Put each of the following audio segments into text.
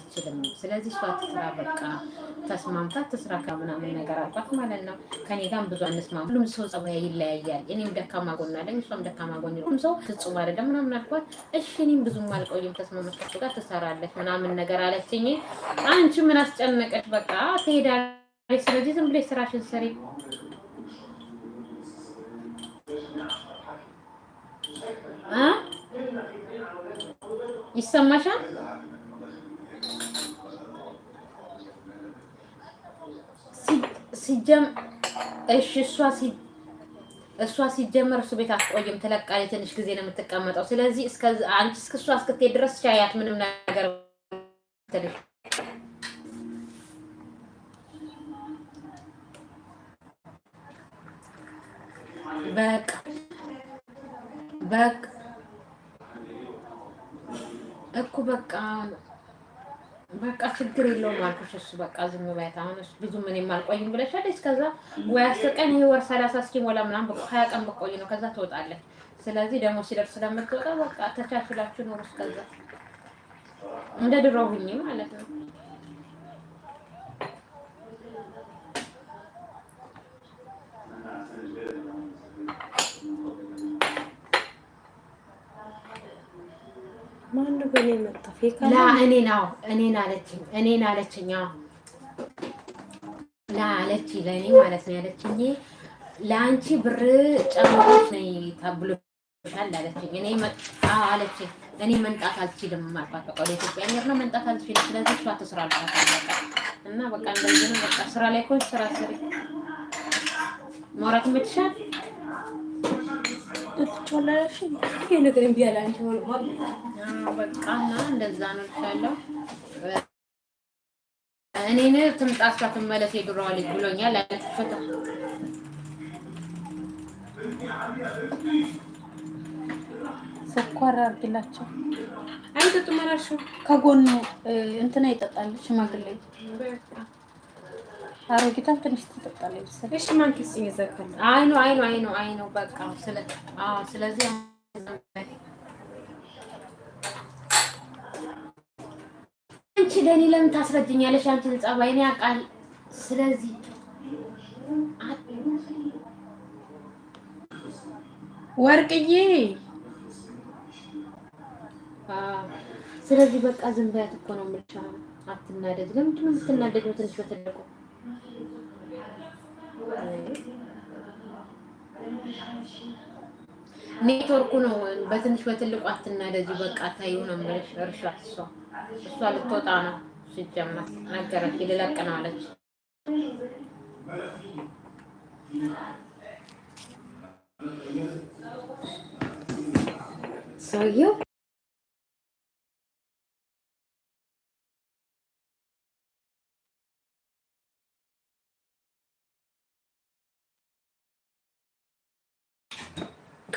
አትችልም። ስለዚህ እሷ ትስራ፣ በቃ ተስማምታት ትስራ ከምናምን ነገር አልኳት ማለት ነው። ከኔ ጋርም ብዙ አንስማ፣ ሁሉም ሰው ጸባይ ይለያያል። እኔም ደካማ ጎን አለኝ፣ እሷም ደካማ ጎን፣ ሁሉም ሰው ፍጹም አይደለም ምናምን አልኳት። እሺ እኔም ብዙም አልቆይም፣ ተስማማች ከሱ ጋር ትሰራለች ምናምን ነገር አለችኝ። አንቺ ምን አስጨነቀች? በቃ ትሄዳለች። ስለዚህ ዝም ብለሽ ስራሽን ስሪ። ይሰማሻል? ሲጀም እሺ እሷ ሲ እሷ ሲጀመር እሱ ቤት አትቆይም፣ ትለቃለች። ትንሽ ጊዜ ነው የምትቀመጠው። ስለዚህ እስከ አንቺ እስከ እሷ እስክትሄድ ድረስ ቻያት ምንም ነገር ትልሽ በቃ በቃ እኮ በቃ በቃ ችግር የለውም አልኩሽ። እሱ በቃ ዝም በያት። አሁን እሱ ብዙ ምን የማልቆይም ብለሻለች። እስከዛ ወይ አስር ቀን ይሄ ወር ሰላሳ እስኪሞላ ምናምን ሀያ ቀን በቆይ ነው። ከዛ ትወጣለች። ስለዚህ ደግሞ ሲደርስ ስለምትወጣ በቃ ተቻችላችሁ ኑሩ። እስከዛ እንደ ድሮ ሁኚ ማለት ነው። ማነው በእኔ መጣ? ፌካላ እኔን አዎ እኔን አለችኝ እኔን አለችኝ። አዎ ላ አለች ለእኔ ማለት ነው ያለችኝ። ለአንቺ ብር ጨምሮች ነኝ ተብሎሻል አለችኝ። እኔ መጣ አለችኝ። እኔ መንጣት አልችልም አልኳት። በቃ ወደ ኢትዮጵያ አየር ነው መንጣት አልችልም። ስለዚህ እሷ ትስራ አልኳት። እና በቃ እንደዚህ ነው በቃ ስራ ላይ ኮንሽ ስራ ስሪ ማውራት ምትሻል እኔን ትምጣ እሷ ትመለስ የድሮዋ ልጅ ብሎኛል። ስኳር አድርግላቸው። አይጠጡም። ከጎኑ እንትና ይጠጣል ሽማግሌ አሮጊቷም ትንሽ ትጠጣለች። እሺ ማንኪስ ኪስ ይዘካል? አይ ነው አይ ነው አይ ነው አይ ነው በቃ ስለ አዎ፣ ስለዚህ አንቺ ለእኔ ለምን ታስረጅኛለሽ? አንቺን ጸባይ እኔ ያውቃል። ስለዚህ ወርቅዬ ስለዚህ በቃ ዝም በያት እኮ ነው የምልሽ። አትናደድ። ለምንድን ነው የምትናደደው? ትንሽ በተለቀው ኔትወርኩ ነው። በትንሽ በትልቁ አትናደጂ። በቃ ታየው ነው የምልሽ። እርሻ እሷ እሷ ልትወጣ ነው ሲጀመር ነገረች። ልለቅ ነው አለች። ሰውየው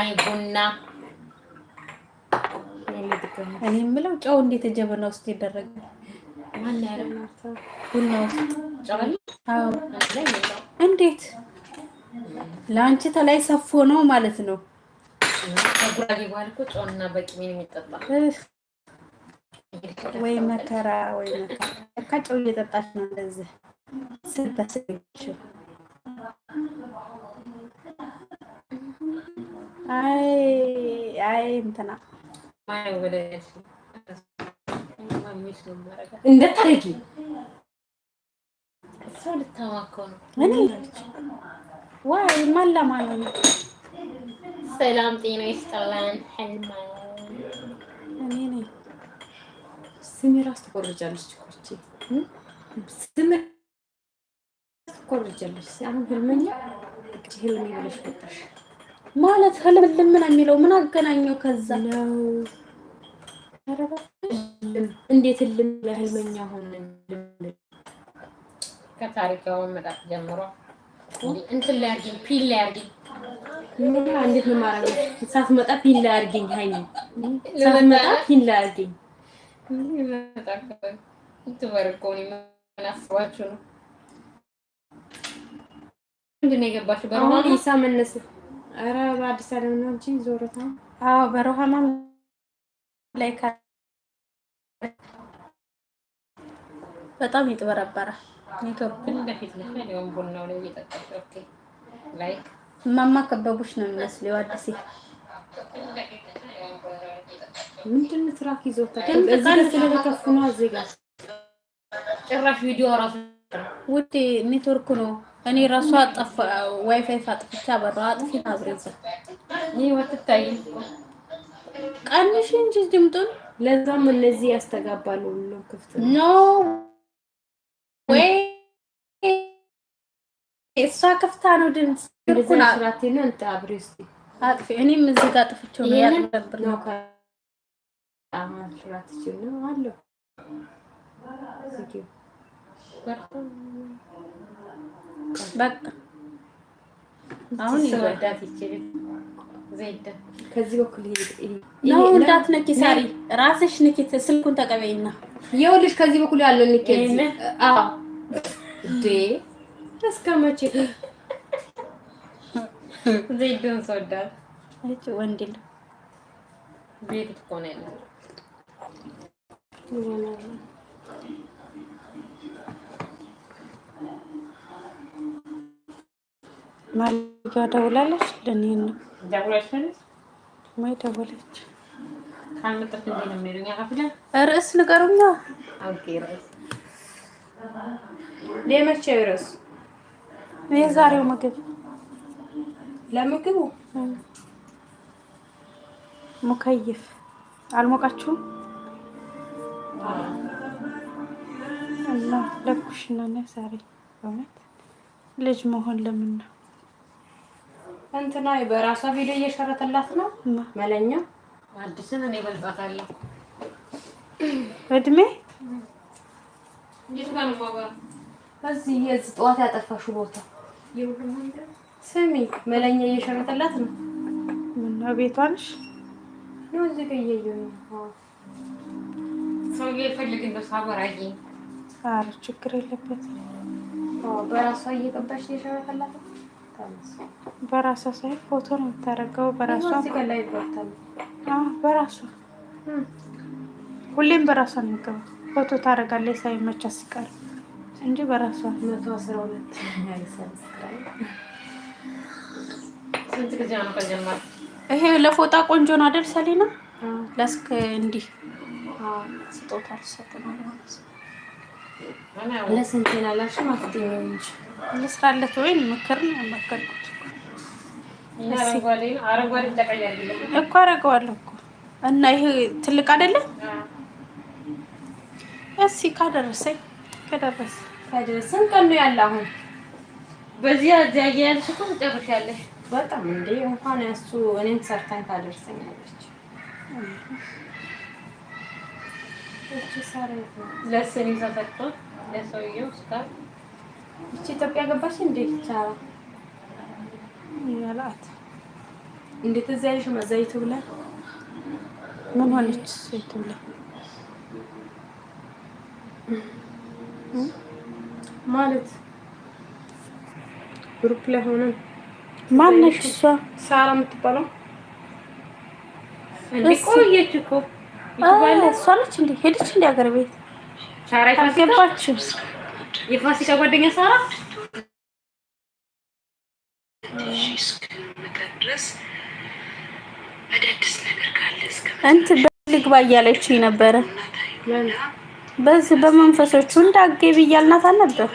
አይ ቡና እኔ የምለው ጨው እንዴት ጀበና ውስጥ ይደረግ? ቡና ውስጥ እንዴት ለአንቺ ተላይ ሰፎ ነው ማለት ነው። ወይ መከራ ወይ መከራ ለካ ጨው እየጠጣች ነው እንደዚህ ስታስችው። አይ አይ እንትና እንደታረጊ ሰው ልታማከው ነው። ዋይ ማላማ ነው። ሰላም ጤና ይስጥልን። ህልማ እኔ ነኝ ስሜ ራስ ትቆርጃለች። ልጄ ዝም ኮርጀለሽ አሁን ህልመኛ ህልም ብለሽ ወጣሽ ማለት ህልም ልምና የሚለው ምን አገናኘው? ከዛ ነው እንዴት ህልም ህልመኛ ሆነ? ከታሪክ መጣት ጀምሮ እንትን ላይ አድርጊ፣ ፒል ላይ አድርጊ። ሳትመጣ ፒል ላይ አድርጊኝ። ሀይ ሳትመጣ ፒል ላይ አድርጊኝ። ዩቱበር እኮ ነው። ምን ምንድን የገባችሁ? በረሃማ ኢሳ መነስ ኧረ በአዲስ አለም ነው እንጂ ዞሮታ። አዎ በረሃማ ላይ በጣም ይጥበረበራል። ነው ቡናው ላይ እየጠጣች ኦኬ። እማማ ከበቡሽ ነው የሚመስለው አዲስ ምንድን ትራክ ይዞታ ከዚህ ስለተከፍና እዚህ ጭራሽ ቪዲዮ ራሱ ውድ ኔትወርክ ነው። እኔ ራሱ አጠፋ ዋይፋይ አጥፍቻ በራ አጥፊ አብሬዘ ይህ ወትታይ ቀንሽ እንጂ ድምጡን። ለዛም እነዚህ ያስተጋባሉ ሁሉም ክፍት ኖ ወይ እሷ ክፍታ ነው ድምፅ ኩናራቴና እንተ አብሬ አጥፊ እኔም እዚህ ጋር አጥፍቼው ነው ያለብር ነው ሽራት ይችል ነው አለው በቃ አሁን ይወዳት ከዚህ በኩል ነው እንዳትነኪ፣ ሳሪ ራስሽ ንኪ። ስልኩን ተቀበይና ይኸውልሽ፣ ከዚህ በኩል ያለው ንኪ። ዴ እስከ መቼ ዘይዶን ሰወዳት እጭ ወንድ ቤት እኮ ነው ያለው ማልጋ ደውላለች። ለኔን ነው ማይ ደውላለች። ርዕስ ንገሩኛ ለመቼው ርዕስ የዛሬው ምግብ ለምግቡ ሙከይፍ አልሞቃችሁም? አላህ ለኩሽና ነው ዛሬ በእውነት ልጅ መሆን ለምን ነው? እንትና በራሷ ቪዲዮ እየሸረተላት ነው። መለኛ አዲስን እኔ በልጣታለሁ። እድሜ እዚህ የዚህ ጠዋት ያጠፋሽው ቦታ ስሚ፣ መለኛ እየሸረተላት ነው። ምና ቤቷንሽ ነው እዚህ ጋር እያየሁ ነው። ሰውዬ ይፈልግ እንደው ሳወራኝ ኧረ ችግር የለበትም። በራሷ እየቀባሽ እየሸረተላት ነው በራሷ ሳይ ፎቶ ነው የምታደርገው። በራሷ በራሷ ሁሌም በራሷ የሚገባ ፎቶ ታደርጋለች ሳይመች እንጂ በራሷ ይሄ ለፎጣ ቆንጆ ነው አይደል? ሰሌና ለስክ እንዲህ ስጦታ ልሰጥ ነው ለስንቴን አላልሽም? አፍጥኝ እንጂ ለስራለት ወይ ምክር ነው ያመከርኩት እኮ አረገዋለሁ እኮ እና ይሄ ትልቅ አይደለም። እስኪ ካደረሰኝ ከደረሰ ከደረሰን ቀኑ ያለ አሁን በዚህ አያያልሽ እኮ ትጨርሻለሽ። በጣም እንዴ እንኳን ያሱ እኔን ሰርታኝ ታደርሰኛለች። ለስኒ ተሰጥቶ ለሰውየው ስካር እቺ ኢትዮጵያ ገባች እንዴ? ቻራ ያላት እንዴት እዚያ ያለሽ መዛይቱ ብላ ምን ሆነች? ዘይቱ ብላ ማለት ግሩፕ ላይ ሆነን ማነች እሷ ሳራ የምትባለው እንዴ? ቆየች እኮ እሷ ነች እንዴ? ሄደች እንዴ ሀገር ቤት? አልገባችም። የፋሲካ ጓደኛ ሳራ እንትን በልግባ እያለች ነበረ። በዚህ በመንፈሶቹ እንዳትገቢ እያልናት ነበር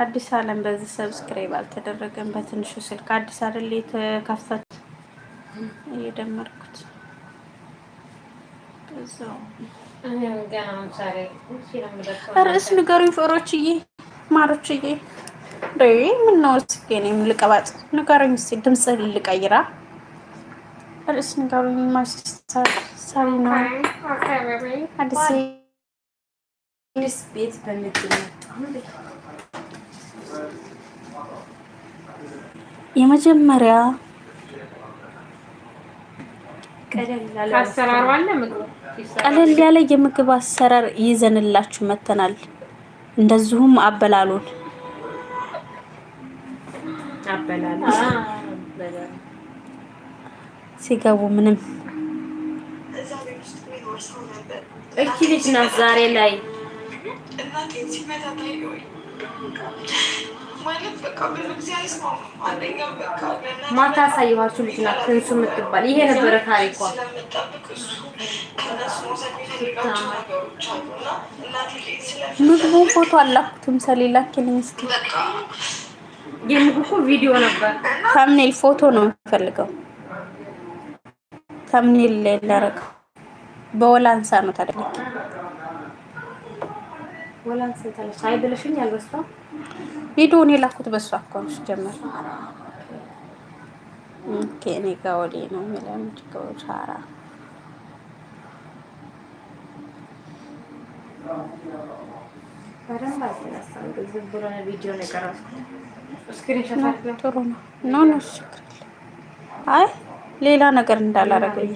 አዲስ አለም በዚህ ሰብስክራይብ አልተደረገም። በትንሹ ስልክ አዲስ አይደል የተከፈት እየደመርኩት ርዕስ ንገሩኝ ፍቅሮችዬ፣ ማሮችዬ ነው እስኪ ምን ልቀባጽ ንገሩኝ እስኪ ድምጽ ልቀይራ። ርዕስ ንገሩኝ ማስተር ነው አዲስ ቤት በሚገኝ የመጀመሪያ ቀለል ያለ የምግብ አሰራር ይዘንላችሁ መተናል። እንደዚሁም አበላሉን ሲገቡ ምንም እቺ ልጅ ናት ዛሬ ላይ ማታ አሳየኋችሁ ልጅ ናት ትንሱ የምትባል። ይሄ ነበረ ታሪኳ። ምግቡን ፎቶ አላኩትም ሰሌላ ኬልኝ እስኪ የምግቡ ቪዲዮ ነበር። ታምኔል ፎቶ ነው የምፈልገው። ታምኔል ላረግ በወላንሳ ነው ታደለ ወላንሳ ተለሽ አይደለሽኝ አልበስቷ ቪዲዮን የላኩት በሱ አካውንት ጀመር ከኔ ጋወሌ ነው የሚለም ችግሮቻራ ጥሩ ነው። ኖ ኖ አይ ሌላ ነገር እንዳላረገኝ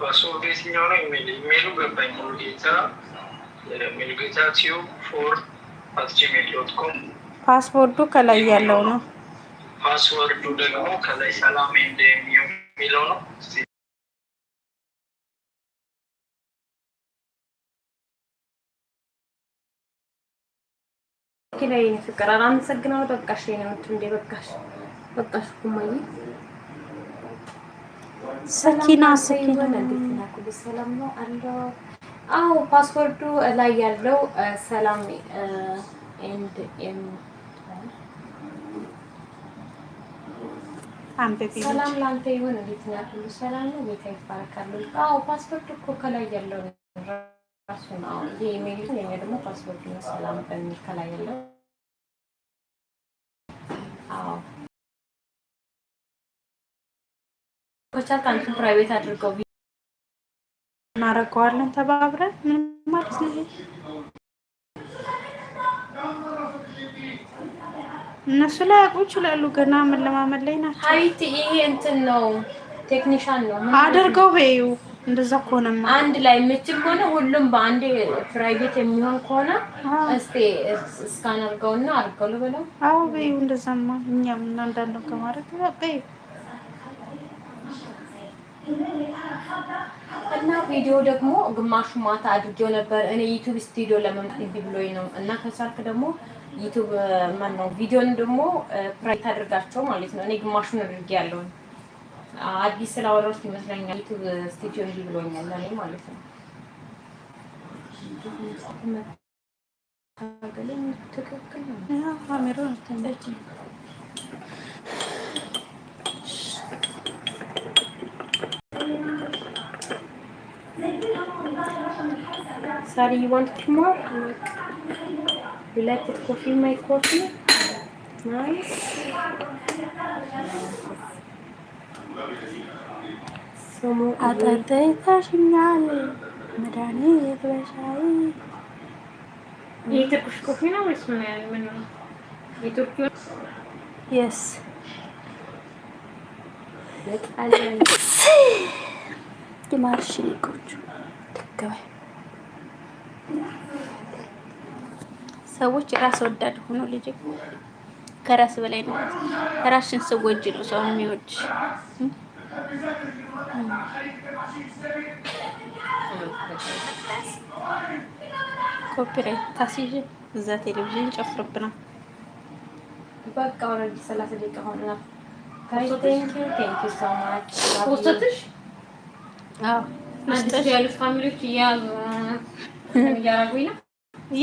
በሱ የትኛው ነው ኢሜል ኢሜሉ ገባኝ። ሙሉጌታ ሙሉጌታ ፎር አት ጂሜል ዶት ኮም። ፓስወርዱ ከላይ ያለው ነው። ፓስወርዱ ደግሞ ከላይ ሰላም የሚለው ነው። ፍቅር አመሰግናለሁ። በቃሽ ነው እንዴ? በቃሽ በቃሽ ኩማዬ ሰኪና ሰኪና ሰላም ነው አለው። አዎ ፓስወርዱ ላይ ያለው ሰላም ኤንድ ኤም ሰላም ላንተ ይሁን። እንዴት ነህ? ሁሉ ሰላም ነው? ቤታ ይባረካሉ። አዎ ፓስፖርት እኮ ከላይ ያለው ራሱ ነው። ይሄ ኢሜል የኛ ደግሞ ፓስፖርት ነው። ሰላም በሚል ከላይ ያለው አዎ ኮቻት አንቺን ፕራይቬት አድርገው እናደርገዋለን ተባብረን ምን ማለት ነው? እነሱ ላይ ያውቁ ይችላሉ። ገና መለማመድ ላይ ናቸው። ይሄ እንትን ነው፣ ቴክኒሻን ነው። አድርገው በዩ እንደዛ ከሆነ አንድ ላይ የምችል ከሆነ ሁሉም በአንድ ፕራይቬት የሚሆን ከሆነ እስቲ እስካን አድርገውና አድርገው ልበለው። አዎ በዩ እንደዛማ እኛም እናንዳንዱ ከማድረግ በዩ እና ቪዲዮ ደግሞ ግማሹ ማታ አድርጌው ነበር። እኔ ዩቲዩብ ስቱዲዮ ለመምጣት እምቢ ብሎኝ ነው። እና ከቻልክ ደግሞ ዩቲዩብ ማን ነው ቪዲዮን ደግሞ ፕራይት አድርጋቸው ማለት ነው። እኔ ግማሹን አድርጌያለሁ። አዲስ ስላወራሁት ይመስለኛል። ዩቲዩብ ስቱዲዮ እንዲ ብሎኛል ለእኔ ማለት ነው። ትክክል ነው። Sally, you want more? You like with coffee, my coffee? Nice. አጠጥተሽኛል መድኃኒት በሻይ። የትኩስ ኮፊ ነው ወይስ ምን ነው? የቱርኪው የስ የማርሽ ቆንጆ ሰዎች ራስ ወዳድ ሆኖ ልጅ ከራስ በላይ ነው። ራስሽን ስወጂ ነው ሰው የሚወድ። ኮፒራይት ታስይዤ እዛ ቴሌቪዥን ጨፍርብናል። በቃ ኦልሬዲ ሰላሳ ደቂቃ ነው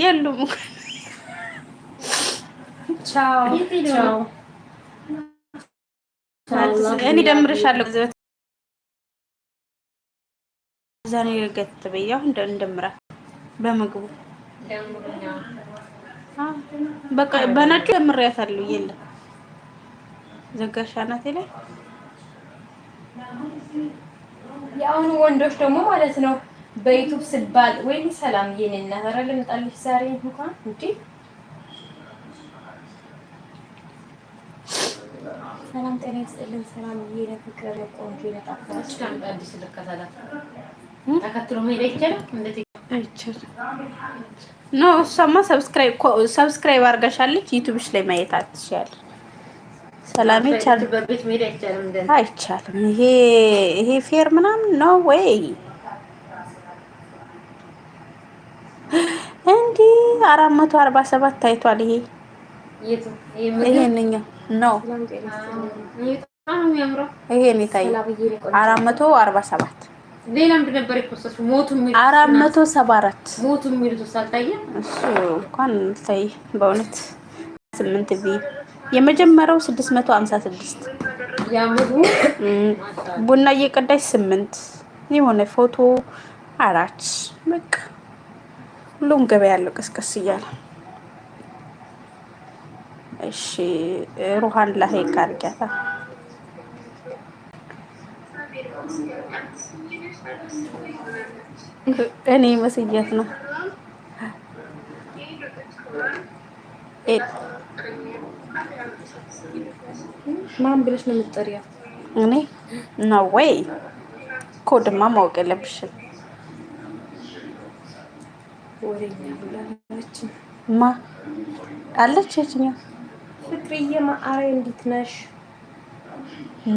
የሉም ቻው ቻው። እኔ እደምርሻለሁ። ዛኔ ገት በያሁ እንደምራት በምግቡ በቃ በነጩ እምሪያታለሁ። የለም ዘጋሽ አናቴ ላይ የአሁኑ ወንዶች ደግሞ ማለት ነው በዩቱብ ስባል ወይም ሰላም የኔ እናት ልምጣልሽ ዛሬ እንኳን እንደ ሰላም ጤና ይስጥልን። ሰላም የፍቅር ቆንጆ ተከትሎ መሄድ እሷማ ሰብስክራይብ አድርጋሻለች። ዩቱብሽ ላይ ማየት አትችያለሽ። ሰላም አይቻልም። ይሄ ፌር ምናምን ነው ወይ እንዲህ አራት መቶ አርባ ሰባት ታይቷል ይሄ ይሄንኛው ነው። አራት መቶ አርባ ሰባት ሌላ ነበር የኮሰሱ ሞቱ አራት መቶ ሰባ አራት ሞቱ አልታየም። እሱ እንኳን በእውነት ስምንት ቢ የመጀመሪያው ስድስት መቶ ሀምሳ ስድስት ቡና እየቀዳች ስምንት የሆነ ፎቶ አራት በቃ ሁሉም ገበያ ያለው ቀስቀስ እያለ እሺ ሩሃን ላይክ አድርጊያታ። እኔ መስያት ነው ማን ብለሽ ነው የምትጠሪያት? እኔ ነው ወይ ኮድማ ማወቅ የለብሽም። ወሬኛ ብላለች። ማ አለች የትኛው ፍቅርዬ ማዕረ እንዴት ነሽ?